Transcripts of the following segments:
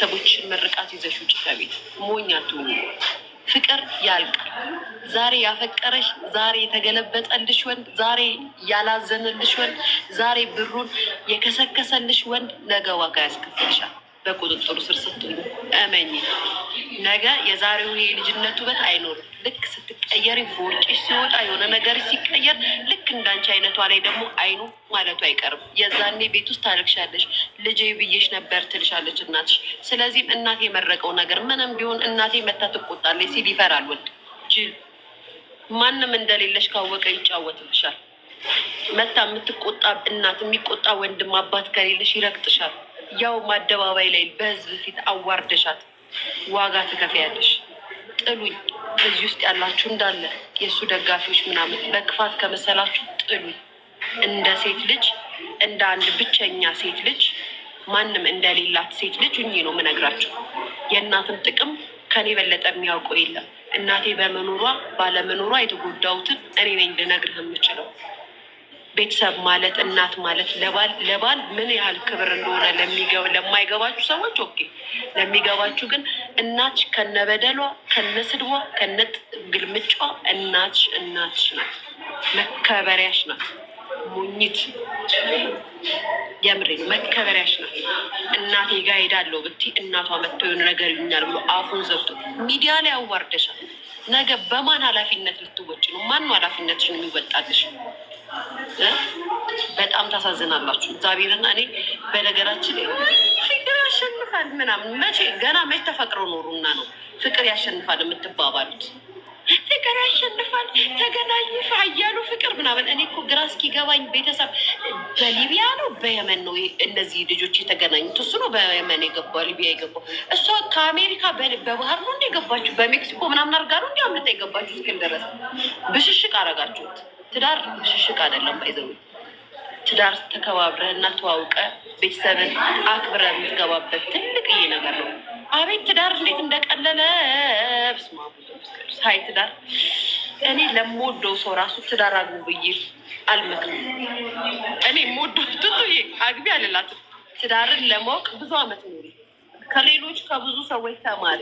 ሰዎችን መርቃት ይዘሽ ውጭ ከቤት ሞኝ አትሆኑ። ፍቅር ያልቅ ዛሬ ያፈቀረሽ፣ ዛሬ የተገለበጠልሽ ወንድ፣ ዛሬ ያላዘነልሽ ወንድ፣ ዛሬ ብሩን የከሰከሰልሽ ወንድ ነገ ዋጋ ያስከፍልሻል። በቁጥጥሩ ስር ስትሆኑ እመኝ። ነገ የዛሬው የልጅነት ውበት አይኖርም። ልክ ሲቀየር ቦርጭሽ ሲወጣ የሆነ ነገር ሲቀየር ልክ እንዳንቺ አይነቷ ላይ ደግሞ አይኑ ማለቱ አይቀርም። የዛኔ ቤት ውስጥ ታልቅሻለሽ። ልጄ ብዬሽ ነበር ትልሻለች እናትሽ። ስለዚህም እናቴ የመረቀው ነገር ምንም ቢሆን እናቴ መታ ትቆጣለች ሲል ይፈራል። ወድ ጅል ማንም እንደሌለሽ ካወቀ ይጫወትብሻል። መታ የምትቆጣ እናት፣ የሚቆጣ ወንድም፣ አባት ከሌለሽ ይረግጥሻል። ያው አደባባይ ላይ በህዝብ ፊት አዋርደሻት ዋጋ ትከፍያለሽ። ጥሉኝ። እዚህ ውስጥ ያላችሁ እንዳለ የእሱ ደጋፊዎች ምናምን በክፋት ከመሰላችሁ ጥሉኝ። እንደ ሴት ልጅ እንደ አንድ ብቸኛ ሴት ልጅ ማንም እንደሌላት ሴት ልጅ ሁኜ ነው የምነግራችሁ። የእናትን ጥቅም ከኔ በለጠ የሚያውቀው የለም። እናቴ በመኖሯ ባለመኖሯ የተጎዳሁትን እኔ ነኝ ልነግርህ የምችለው። ቤተሰብ ማለት እናት ማለት ለባል ምን ያህል ክብር እንደሆነ ለማይገባችሁ ሰዎች ኦኬ፣ ለሚገባችሁ ግን እናች ከነበደሏ ከነስድቧ ከነት ግልምጫ እናች እናች ናት፣ መከበሪያሽ ናት። ሙኝት የምሬ መከበሪያሽ ናት። እናቴ ጋር ሄዳለሁ ብትይ እናቷ መጥቶ የሆነ ነገር ይኛል ብሎ አፉን ዘግቶ ሚዲያ ላይ አዋርደሻል። ነገ በማን ኃላፊነት ልትወጭ ነው? ማን ነው ኃላፊነትሽን የሚወጣልሽ? በጣም ታሳዝናላችሁ። እግዚአብሔርና እኔ በነገራችን ፍቅር ያሸንፋል ምናምን መቼ ገና መች ተፈቅሮ ኖሩና ነው ፍቅር ያሸንፋል የምትባባሉት? ፍቅር ያሸንፋል ተገናኝ አያሉ ፍቅር ምናምን ግራ እስኪገባኝ ቤተሰብ በሊቢያ ነው በየመን ነው እነዚህ ልጆች የተገናኙት። እሱ ነው በየመን የገባው ሊቢያ የገባው እሷ ከአሜሪካ በባህር ነው እንደ የገባችሁ በሜክሲኮ ምናምን አድርጋ ነው እንዲ አምልጣ የገባችሁ። እስክን ድረስ ብሽሽቅ አረጋችሁት። ትዳር ብሽሽቅ አይደለም ባይዘው ትዳር ተከባብረህ እና ተዋውቀ ቤተሰብን አክብረ የምትገባበት ትልቅዬ ነገር ነው። አቤት ትዳር እንዴት እንደቀለለ ሳይ ትዳር እኔ ለምወደው ሰው ራሱ ትዳር አግቡ ብዬ አልመክም። እኔ የምወደው ቱቱዬ አግቢ አልላትም። ትዳርን ለማወቅ ብዙ አመት ኖሪ፣ ከሌሎች ከብዙ ሰዎች ተማሪ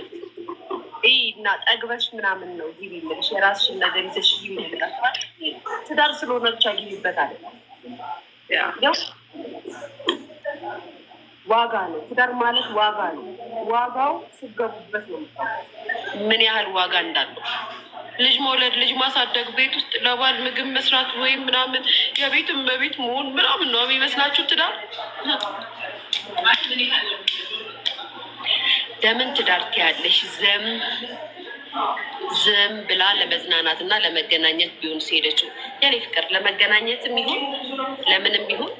እና ጠግበሽ ምናምን ነው ጊቢ ምልሽ የራስሽን ነገር ይዘሽ ጊቢ ትዳር ስለሆነ ብቻ ጊቢበታል። ዋጋ ነው ትዳር ማለት ዋጋ ነው። ዋጋው ስገቡበት ነው ምን ያህል ዋጋ እንዳለው ልጅ መውለድ፣ ልጅ ማሳደግ፣ ቤት ውስጥ ለባል ምግብ መስራት ወይም ምናምን የቤት በቤት መሆን ምናምን ነው የሚመስላችሁ ትዳር ለምን ትዳር ትያለሽ? ዘም ዘም ብላ ለመዝናናት እና ለመገናኘት ቢሆን ሲሄደችው የኔ ፍቅር ለመገናኘትም ይሁን ለምንም ይሁን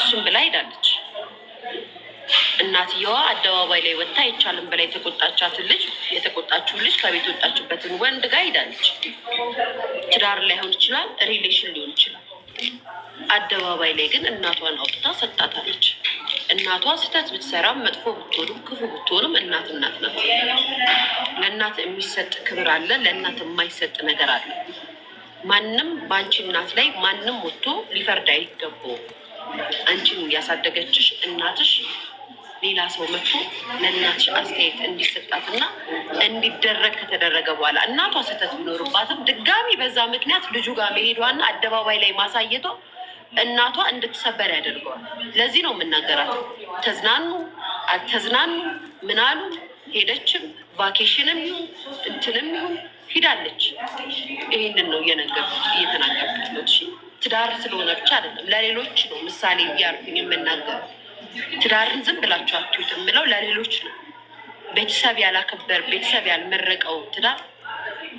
እሱም ብላ ሄዳለች። እናትየዋ አደባባይ ላይ ወጥታ አይቻልም ብላ የተቆጣቻትን ልጅ የተቆጣችው ልጅ ከቤት ወጣችበትን ወንድ ጋር ሄዳለች። ትዳር ላይሆን ይችላል፣ ሪሌሽን ሊሆን ይችላል። አደባባይ ላይ ግን እናቷን አውጥታ ሰጣታለች። እናቷ ስህተት ብትሰራም መጥፎ ብትሆንም ክፉ ብትሆንም እናት እናት ናት። ለእናት የሚሰጥ ክብር አለ፣ ለእናት የማይሰጥ ነገር አለ። ማንም በአንቺ እናት ላይ ማንም ወጥቶ ሊፈርድ አይገባውም። አንቺን እያሳደገችሽ እናትሽ ሌላ ሰው መጥቶ ለእናትሽ አስተያየት እንዲሰጣት እና እንዲደረግ ከተደረገ በኋላ እናቷ ስህተት ቢኖርባትም ድጋሚ በዛ ምክንያት ልጁ ጋር መሄዷና አደባባይ ላይ ማሳየቷ እናቷ እንድትሰበር ያደርገዋል። ለዚህ ነው የምናገራት። ተዝናኑ አልተዝናኑ ምናሉ ሄደችም ቫኬሽንም ይሁን እንትንም ይሁን ሂዳለች። ይህንን ነው እየነገርኩት እየተናገርኩት ነው። ትዳር ስለሆነ ብቻ አይደለም ለሌሎች ነው ምሳሌ እያልኩኝ የምናገረው። ትዳርን ዝም ብላችሁ አትዩት የምለው ለሌሎች ነው። ቤተሰብ ያላከበር ቤተሰብ ያልመረቀው ትዳር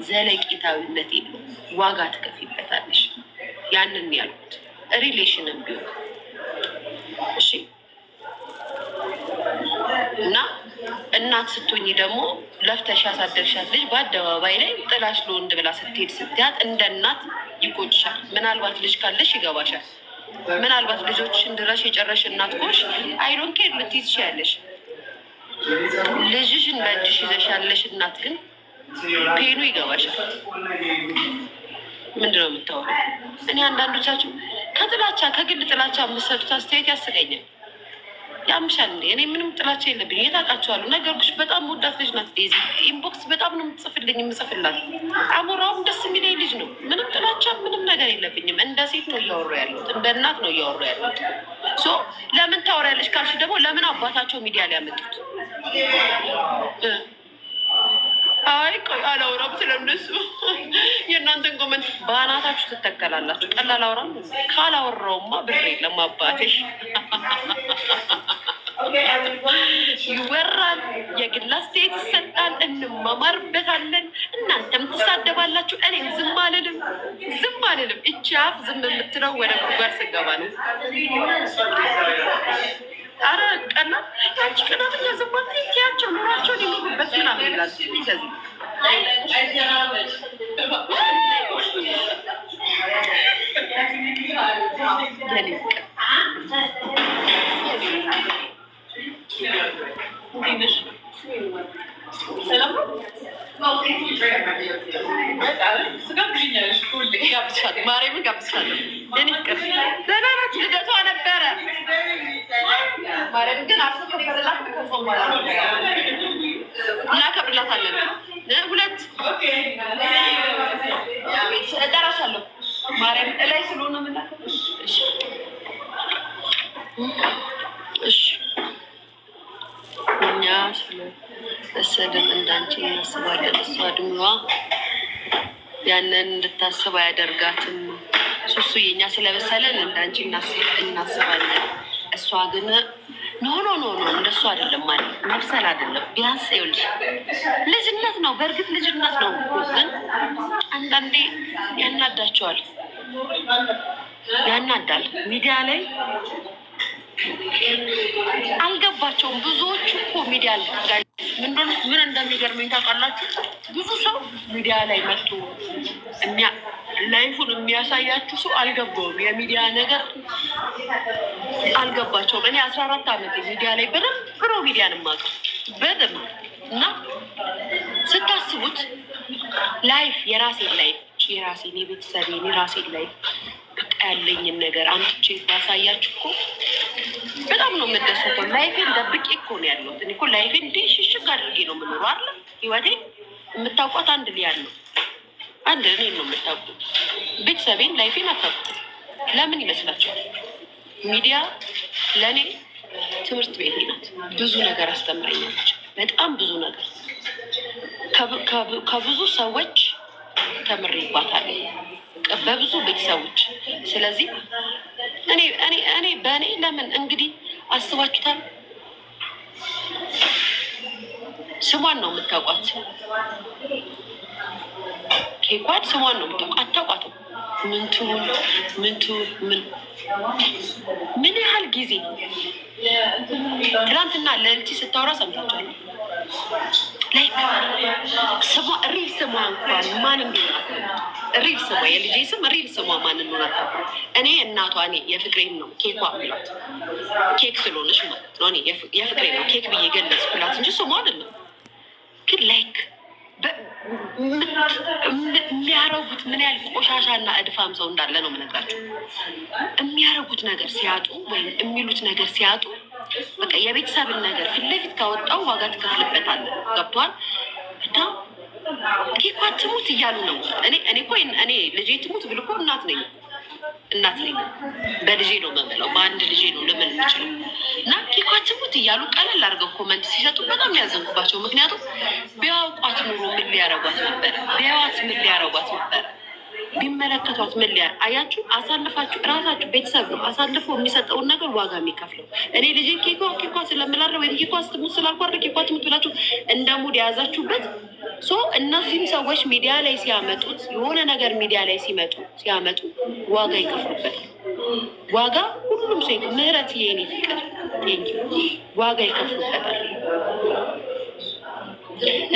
ዘለቂታዊነት የለው፣ ዋጋ ትከፊበታለሽ። ያንን ያሉት ሪሌሽንም ቢሆን እሺ። እና እናት ስትሆኝ ደግሞ ለፍተሽ ያሳደግሻት ልጅ በአደባባይ ላይ ጥላሽ ለወንድ ብላ ስትሄድ ስትያት እንደ እናት ይቆጭሻል። ምናልባት ልጅ ካለሽ ይገባሻል። ምናልባት ልጆችን ድረሽ የጨረሽ እናት ኮሽ አይዶን ኬር ልትይዝ ትችያለሽ። ልጅሽን በእጅሽ ይዘሽ ያለሽ እናት ግን ፔኑ ይገባሻል። ምንድን ነው የምታወሩ? እኔ አንዳንዶቻችሁ ከጥላቻ ከግል ጥላቻ የምትሰጡት አስተያየት ያስገኛል። ያምሻል። እንደ እኔ ምንም ጥላቻ የለብኝ። የታውቃችኋለሁ። ነገርኩሽ፣ በጣም ወዳት ልጅ ናት። ኢንቦክስ በጣም ነው የምትጽፍልኝ፣ የምጽፍላት አሞራውም ደስ የሚል ነገር የለብኝም። እንደ ሴት ነው እያወሩ ያሉት፣ እንደ እናት ነው እያወሩ ያሉት። ሶ ለምን ታወሪያለሽ ካልሽ ደግሞ ለምን አባታቸው ሚዲያ ላይ ያመጡት? አይ አላውራም ስለነሱ። የእናንተን ጎመን በአናታችሁ ትተከላላችሁ። ቀላል አውራም ካላወራውማ ብሬ ለማባትሽ ይወራል፣ የግል አስተያየት ይሰጣል፣ እንመማርበታለን። እናንተም ትሳደባላችሁ፣ እኔም ዝም አልልም፣ ዝም አልልም። እቺ አፍ ዝም የምትለው ወደ ጉጋር ስገባ ነው። አረ ቀና ያቺ ቅናት ያዘባት ያቸው ኑሯቸውን የሚሉበት ምናምን ይላል እንደዚህ ማርያምን ጋብዝሻለሁ። ደህና ናችሁ? ልደቷ ነበረ። ማርያምን ግን እናከብርላታለን። ያንን እንድታስብ አያደርጋትም። ሱሱ የኛ ስለበሰለን እንዳንቺ እናስባለን። እሷ ግን ኖ ኖ ኖ ኖ እንደሱ አይደለም ማለት መብሰል አይደለም። ቢያንስ ይኸውልሽ ልጅነት ነው፣ በእርግጥ ልጅነት ነው፣ ግን አንዳንዴ ያናዳቸዋል፣ ያናዳል። ሚዲያ ላይ አልገባቸውም ብዙዎቹ እኮ ሚዲያ ምን እንደሚገርመኝ ታውቃላችሁ? ብዙ ሰው ሚዲያ ላይ መጥቶ ላይፉን የሚያሳያችሁ ሰው አልገባውም። የሚዲያ ነገር አልገባቸውም። እኔ አስራ አራት ዓመት ሚዲያ ላይ በደንብ ብሮ ሚዲያን ማቀ በደንብ እና ስታስቡት ላይፍ የራሴን ላይፍ የራሴን የቤተሰቤን የራሴን ላይፍ ያለኝን ነገር አምጥቼ ባሳያችሁ እኮ በጣም ነው የምደሰተው። ላይፌን ደብቄ እኮ ነው ያለሁት። እኔ እኮ ላይፌን እንዲህ ሽሽግ አድርጌ ነው የምኖረው አለ ህይወቴ። የምታውቋት አንድ ሊያል ነው አንድ እኔ ነው የምታውቁት። ቤተሰቤን ላይፌን አታውቁት። ለምን ይመስላችኋል? ሚዲያ ለእኔ ትምህርት ቤቴ ናት። ብዙ ነገር አስተምረኛለች። በጣም ብዙ ነገር ከብዙ ሰዎች ተምሬባታለሁ። በብዙ ቤተሰቦች። ስለዚህ እኔ እኔ እኔ በእኔ ለምን እንግዲህ አስባችሁታል። ስሟን ነው የምታውቋት፣ ኬኳን ስሟን ነው የምታውቋት። አታውቋትም። ምንቱ ምንቱ ምን ምን ያህል ጊዜ ትናንትና ለልቺ ስታወራ ሰምታችኋል። ላይክ ስሟ ሪል ስሟ እንኳን ማን ቢሆን ሪል ስሟ የልጄ ስም ሪል ስሟ ማንን ሆን እኔ እናቷ እኔ የፍቅሬን ነው ኬኳ ብላት ኬክ ስለሆነች ማለት ነው። እኔ የፍቅሬ ነው ኬክ ብዬ ገለጽ ብላት እንጂ ስሟ አይደለም። ግን ላይክ የሚያረጉት ምን ያህል ቆሻሻና እድፋም ሰው እንዳለ ነው የምነግራቸው። የሚያረጉት ነገር ሲያጡ ወይም የሚሉት ነገር ሲያጡ በቃ የቤተሰብን ነገር ፊት ለፊት ካወጣው ዋጋ ትከፍልበታለህ። ገብቷል እና ትሙት እያሉ ነው። እኔ እኔ እኮ እኔ ልጄ ትሙት ብል እኮ እናት ነኝ እናት ነኝ። በልጄ ነው መምለው በአንድ ልጄ ነው ልምል የምችለው እና ኪኳ ትሙት እያሉ ቀለል አድርገው ኮመንት ሲሰጡ በጣም ያዘንኩባቸው። ምክንያቱም ቢያውቋት ኑሮ ምን ሊያረጓት ነበር? ቢያዋት ምን ሊያረጓት ነበር? ቢመለከቷት ምን አያችሁ፣ አሳልፋችሁ እራሳችሁ ቤተሰብ ነው አሳልፎ የሚሰጠውን ነገር ዋጋ የሚከፍለው። እኔ ልጅ ኬኳ ኬኳ ስለምላለ ወይ ኬኳ ስትሙት ስላልኳረ ኬኳ ትሙት ብላችሁ እንደ ሙድ የያዛችሁበት ሶ እነዚህም ሰዎች ሚዲያ ላይ ሲያመጡት የሆነ ነገር ሚዲያ ላይ ሲመጡ ሲያመጡ ዋጋ ይከፍሉበታል። ዋጋ ሁሉም ሴት ምህረት የኔ ፍቅር ዋጋ ይከፍሉበታል።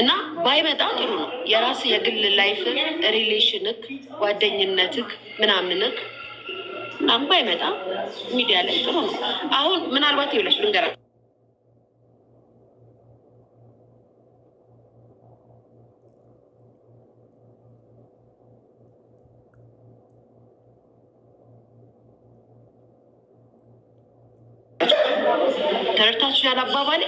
እና ባይመጣ ጥሩ ነው። የራስ የግል ላይፍ ሪሌሽንክ፣ ጓደኝነትክ ምናምንክ አሁን ባይመጣ ሚዲያ ላይ ጥሩ ነው። አሁን ምናልባት ይብለሽ ልንገራ ተረድታችሁ ያላባባሌ